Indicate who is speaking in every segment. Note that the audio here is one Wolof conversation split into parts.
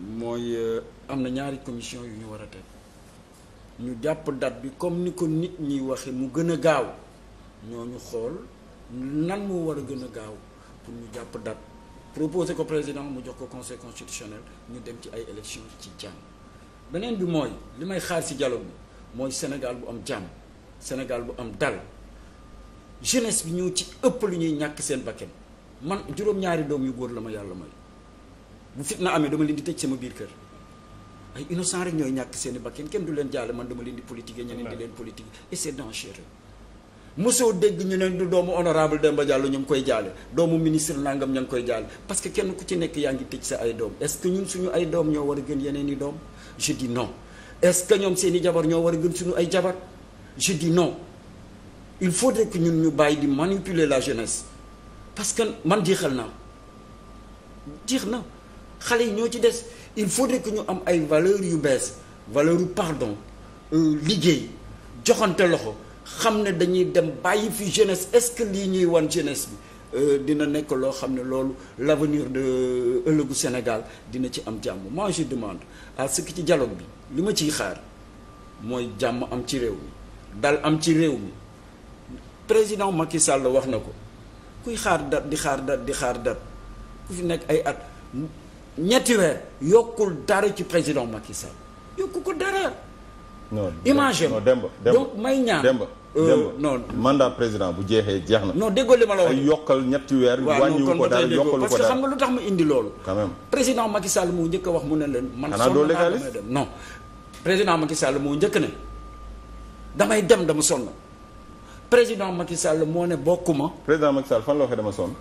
Speaker 1: mooy euh, am na ñaari commission yu ñu war a teg ñu jàpp date bi comme ni ko nit ñi waxe mu gën a gaaw ñoo ñu xool nan moo war a gën a gaaw pour ñu jàpp dat proposé ko président mu jox ko conseil constitutionnel ñu dem ci ay élection ci jàmm beneen bi mooy li may xaar si dialogue bi mooy Sénégal bu am jàmm Sénégal bu am dal jeunesse bi ñëw ci ëpp lu ñuy ñàkk seen bakkan man juróom-ñaari doom yu góor la ma yàlla may bu na amee dama leen di tëj sama biir kër ay innocent rek ñooy ñàkk seen i bakkan kenn du leen jaale man dama leen di politique ñeneen di leen politique et c'est dangereux mosoo dégg ñu ne du doomu honorable ba Diallo ñu ngi koy jaale doomu ministre nangam ña ngi koy jaale parce que kenn ku ci nekk yaa ngi tëj sa ay doom est-ce que ñun suñu ay doom ñoo war a gën yeneen i doom je dis non est-ce que ñoom seeni i jabar ñoo war a gën suñu ay jabar je dis non il faudrait que ñun ñu bàyyi di manipuler la jeunesse parce que man jeexal naa jeex na xale yi ñoo ci des il faudrait que ñu am ay valeur yu bees valeur pardon euh, liggéey joxante loxo xam ne dañuy dem bàyyi fi jeunesse est-ce que lii ñuy wan jeunesse bi euh, dina nekk loo xam ne loolu l'avenir de euh, ëllëgu Sénégal dina ci am jàmm moi demande à ce ci dialogue bi li ma ciy xaar mooy jàmm am ci réew mi dal am ci réew mi président Macky Sall wax na ko kuy xaar dat di xaar dat di xaar dat ku fi nekk ay at ñetti weer yokkul dara ci président Macky Sall yokku ko dara. non
Speaker 2: image non demba donc may ñaan demba euh, non mandat président bu jeexee jeex na. non déggoo li ma la wax yokkal ñetti weer. wàññiwu ko dara yokkalu ko dara parce que xam
Speaker 1: nga lu tax ma indi loolu. quand président Macky Sall moo njëkk wax mu ne leen. man sonn naa damay dem non. président Macky Sall moo njëkk ne damay dem dama sonn président Macky Sall moo ne ma président Macky Sall fan la waxee dama sonn.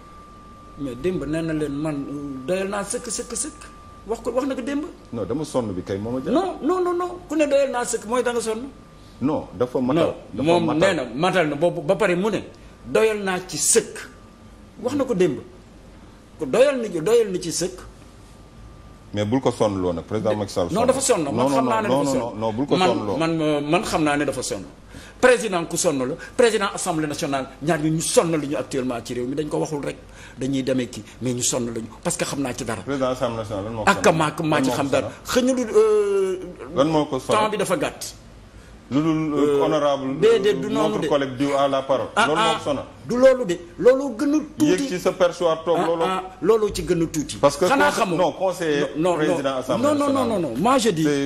Speaker 1: mais démb nee na leen man euh, doyal naa sëkk sëkk sëkk wax ko wax na ko démb.
Speaker 2: non dama sonn bi kay moom a.
Speaker 1: non non non non ku ne doyal naa sëkk mooy da nga sonn. non dafa matal. dafa moom nee na matal na boobu ba pare mu ne doyal naa ci sëkk wax na ko démb doyal na doyal na ci sëkk.
Speaker 2: mais bul ko sonn loo nag président Macky Sall. non dafa sonn man xam naa
Speaker 1: ne dafa sonn euh, man xam naa ne dafa sonn. président ku sonn la président assemblée nationale ñaar ñu ñu sonn la ñu actuellement ci réew mi dañ ko waxul rek dañuy demee ki mais ñu sonn lañu parce que xam naa ci dara. président assemblée nationale lan xam dara xëy na lu.
Speaker 2: Euh,
Speaker 1: lan moo ko sonn temps bi dafa gàtt.
Speaker 2: lu dul euh, euh, honorable déedéet euh, du noonu de la parole. Ah, loolu ah, du loolu de loolu gën a tuuti sa perchoir toog ah, loolu. ci gën a tuuti. parce que xanaa xamoo no conseiller président assemblée non non non non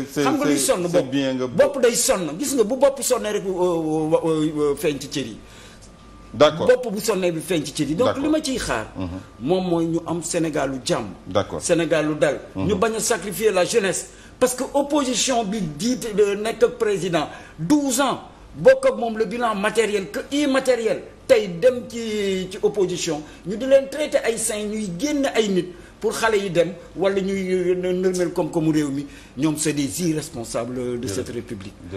Speaker 1: xam nga luy sonn bopp bopp day sonn gis nga bu bopp sonnee rek feeñ ci cër yi. bu sonnee bi ci donc li ma ciy xaar mhm. moom mooy ñu am Sénégal lu jàmm d'accord Sénégal lu dal mhm. ñu bañ a sacrifier la jeunesse parce que opposition bi diit euh, nekk ak président 12 ans bokk ak moom la bilan matériel que immatériel tey dem ci ci opposition ñu di leen traité ay saint ñuy génn ay nit pour xale yi dem wala ñuy euh, nërmel comme comme réew mi ñoom c'est des irresponsables de cette république